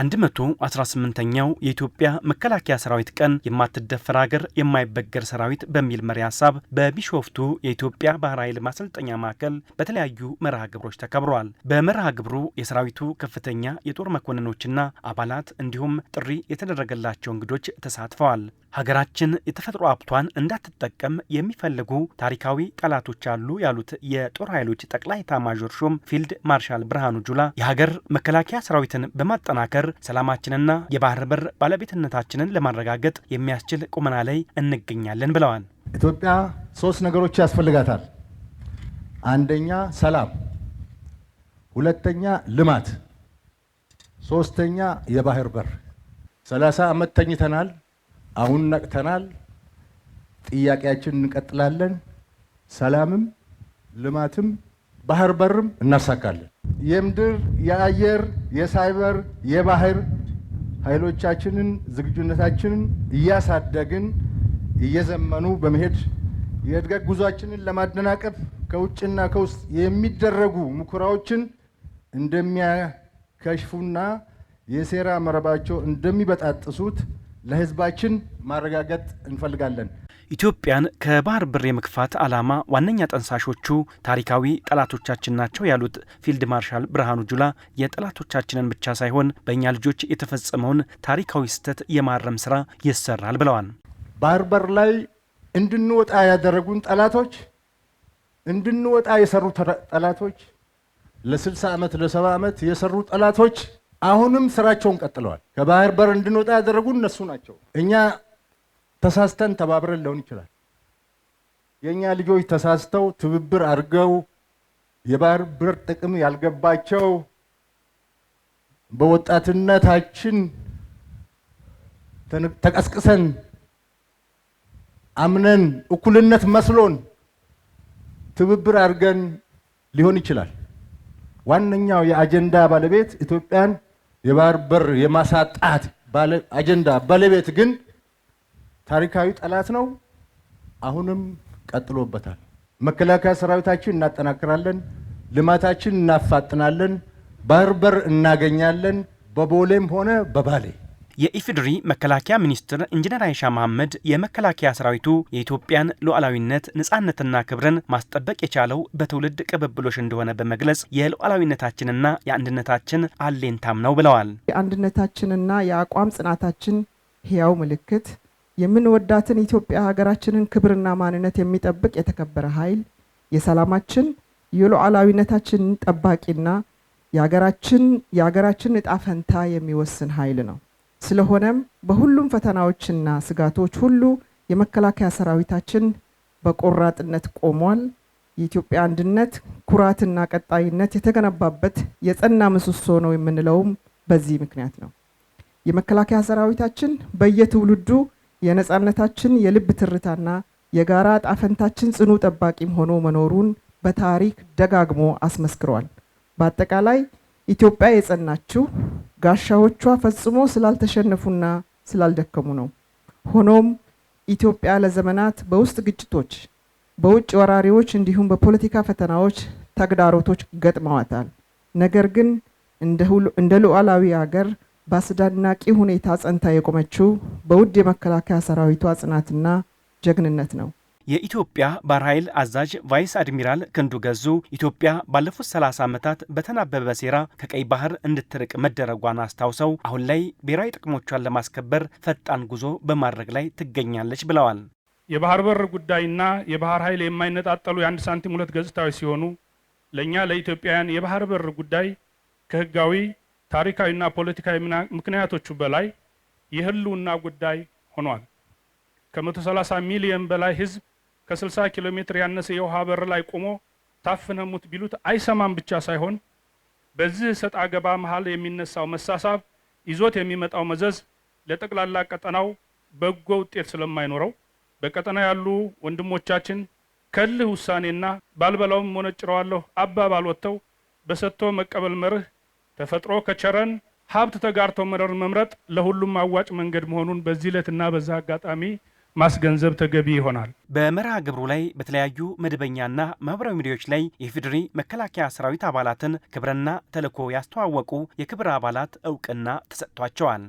118ኛው የኢትዮጵያ መከላከያ ሰራዊት ቀን የማትደፈር ሀገር የማይበገር ሰራዊት በሚል መሪ ሀሳብ በቢሾፍቱ የኢትዮጵያ ባህር ኃይል ማሰልጠኛ ማዕከል በተለያዩ መርሃ ግብሮች ተከብረዋል። በመርሃ ግብሩ የሰራዊቱ ከፍተኛ የጦር መኮንኖችና አባላት እንዲሁም ጥሪ የተደረገላቸው እንግዶች ተሳትፈዋል። ሀገራችን የተፈጥሮ ሀብቷን እንዳትጠቀም የሚፈልጉ ታሪካዊ ጠላቶች አሉ ያሉት የጦር ኃይሎች ጠቅላይ ኤታማዦር ሹም ፊልድ ማርሻል ብርሃኑ ጁላ የሀገር መከላከያ ሰራዊትን በማጠናከር ሰላማችንና የባህር በር ባለቤትነታችንን ለማረጋገጥ የሚያስችል ቁመና ላይ እንገኛለን ብለዋል። ኢትዮጵያ ሶስት ነገሮች ያስፈልጋታል። አንደኛ ሰላም፣ ሁለተኛ ልማት፣ ሶስተኛ የባህር በር። ሰላሳ ዓመት ተኝተናል። አሁን ነቅተናል። ጥያቄያችን እንቀጥላለን። ሰላምም ልማትም ባህር በርም እናሳካለን። የምድር የአየር፣ የሳይበር፣ የባህር ኃይሎቻችንን ዝግጁነታችንን እያሳደግን እየዘመኑ በመሄድ የእድገት ጉዟችንን ለማደናቀፍ ከውጭና ከውስጥ የሚደረጉ ሙከራዎችን እንደሚያከሽፉና የሴራ መረባቸው እንደሚበጣጥሱት ለህዝባችን ማረጋገጥ እንፈልጋለን። ኢትዮጵያን ከባህር በር የመግፋት ዓላማ ዋነኛ ጠንሳሾቹ ታሪካዊ ጠላቶቻችን ናቸው ያሉት ፊልድ ማርሻል ብርሃኑ ጁላ የጠላቶቻችንን ብቻ ሳይሆን በእኛ ልጆች የተፈጸመውን ታሪካዊ ስህተት የማረም ስራ ይሰራል ብለዋል። ባህር በር ላይ እንድንወጣ ያደረጉን ጠላቶች፣ እንድንወጣ የሰሩ ጠላቶች፣ ለ60 ዓመት ለሰባ ዓመት የሰሩ ጠላቶች አሁንም ስራቸውን ቀጥለዋል። ከባህር በር እንድንወጣ ያደረጉ እነሱ ናቸው። እኛ ተሳስተን ተባብረን ሊሆን ይችላል። የእኛ ልጆች ተሳስተው ትብብር አድርገው የባህር በር ጥቅም ያልገባቸው በወጣትነታችን ተቀስቅሰን አምነን እኩልነት መስሎን ትብብር አድርገን ሊሆን ይችላል። ዋነኛው የአጀንዳ ባለቤት ኢትዮጵያን የባህር በር የማሳጣት አጀንዳ ባለቤት ግን ታሪካዊ ጠላት ነው። አሁንም ቀጥሎበታል። መከላከያ ሰራዊታችን እናጠናክራለን፣ ልማታችን እናፋጥናለን፣ ባህር በር እናገኛለን፣ በቦሌም ሆነ በባሌ የኢፌዴሪ መከላከያ ሚኒስትር ኢንጂነር አይሻ መሐመድ የመከላከያ ሰራዊቱ የኢትዮጵያን ሉዓላዊነት ነፃነትና ክብርን ማስጠበቅ የቻለው በትውልድ ቅብብሎሽ እንደሆነ በመግለጽ የሉዓላዊነታችንና የአንድነታችን አሌንታም ነው ብለዋል። የአንድነታችንና የአቋም ጽናታችን ህያው ምልክት የምንወዳትን ኢትዮጵያ ሀገራችንን ክብርና ማንነት የሚጠብቅ የተከበረ ኃይል የሰላማችን የሉዓላዊነታችን ጠባቂና የሀገራችን የሀገራችን እጣ ፈንታ የሚወስን ኃይል ነው። ስለሆነም በሁሉም ፈተናዎችና ስጋቶች ሁሉ የመከላከያ ሰራዊታችን በቆራጥነት ቆሟል። የኢትዮጵያ አንድነት ኩራትና ቀጣይነት የተገነባበት የጸና ምሰሶ ነው የምንለውም በዚህ ምክንያት ነው። የመከላከያ ሰራዊታችን በየትውልዱ የነፃነታችን የልብ ትርታና የጋራ ጣፈንታችን ጽኑ ጠባቂም ሆኖ መኖሩን በታሪክ ደጋግሞ አስመስክሯል። በአጠቃላይ ኢትዮጵያ የጸናችው ጋሻዎቿ ፈጽሞ ስላልተሸነፉና ስላልደከሙ ነው። ሆኖም ኢትዮጵያ ለዘመናት በውስጥ ግጭቶች፣ በውጭ ወራሪዎች እንዲሁም በፖለቲካ ፈተናዎች ተግዳሮቶች ገጥመዋታል። ነገር ግን እንደ ሉዓላዊ ሀገር በአስደናቂ ሁኔታ ጸንታ የቆመችው በውድ የመከላከያ ሰራዊቷ ጽናትና ጀግንነት ነው። የኢትዮጵያ ባህር ኃይል አዛዥ ቫይስ አድሚራል ክንዱ ገዙ ኢትዮጵያ ባለፉት 30 ዓመታት በተናበበ ሴራ ከቀይ ባህር እንድትርቅ መደረጓን አስታውሰው አሁን ላይ ብሔራዊ ጥቅሞቿን ለማስከበር ፈጣን ጉዞ በማድረግ ላይ ትገኛለች ብለዋል። የባህር በር ጉዳይና የባህር ኃይል የማይነጣጠሉ የአንድ ሳንቲም ሁለት ገጽታዎች ሲሆኑ ለእኛ ለኢትዮጵያውያን የባህር በር ጉዳይ ከህጋዊ ታሪካዊና ፖለቲካዊ ምክንያቶቹ በላይ የህልውና ጉዳይ ሆኗል። ከ130 ሚሊዮን በላይ ህዝብ ከ60 ኪሎ ሜትር ያነሰ የውሃ በር ላይ ቆሞ ታፍነሙት ቢሉት አይሰማም ብቻ ሳይሆን በዚህ ሰጥ አገባ መሀል የሚነሳው መሳሳብ ይዞት የሚመጣው መዘዝ ለጠቅላላ ቀጠናው በጎ ውጤት ስለማይኖረው በቀጠና ያሉ ወንድሞቻችን ከልህ ውሳኔና ባልበላውም ሞነጭረዋለሁ አባባል ወጥተው በሰጥቶ መቀበል መርህ ተፈጥሮ ከቸረን ሀብት ተጋርቶ መረር መምረጥ ለሁሉም አዋጭ መንገድ መሆኑን በዚህ ዕለትና በዛ አጋጣሚ ማስገንዘብ ተገቢ ይሆናል። በመርሃ ግብሩ ላይ በተለያዩ መደበኛና ማህበራዊ ሚዲያዎች ላይ የኢፌዴሪ መከላከያ ሰራዊት አባላትን ክብርና ተልዕኮ ያስተዋወቁ የክብር አባላት እውቅና ተሰጥቷቸዋል።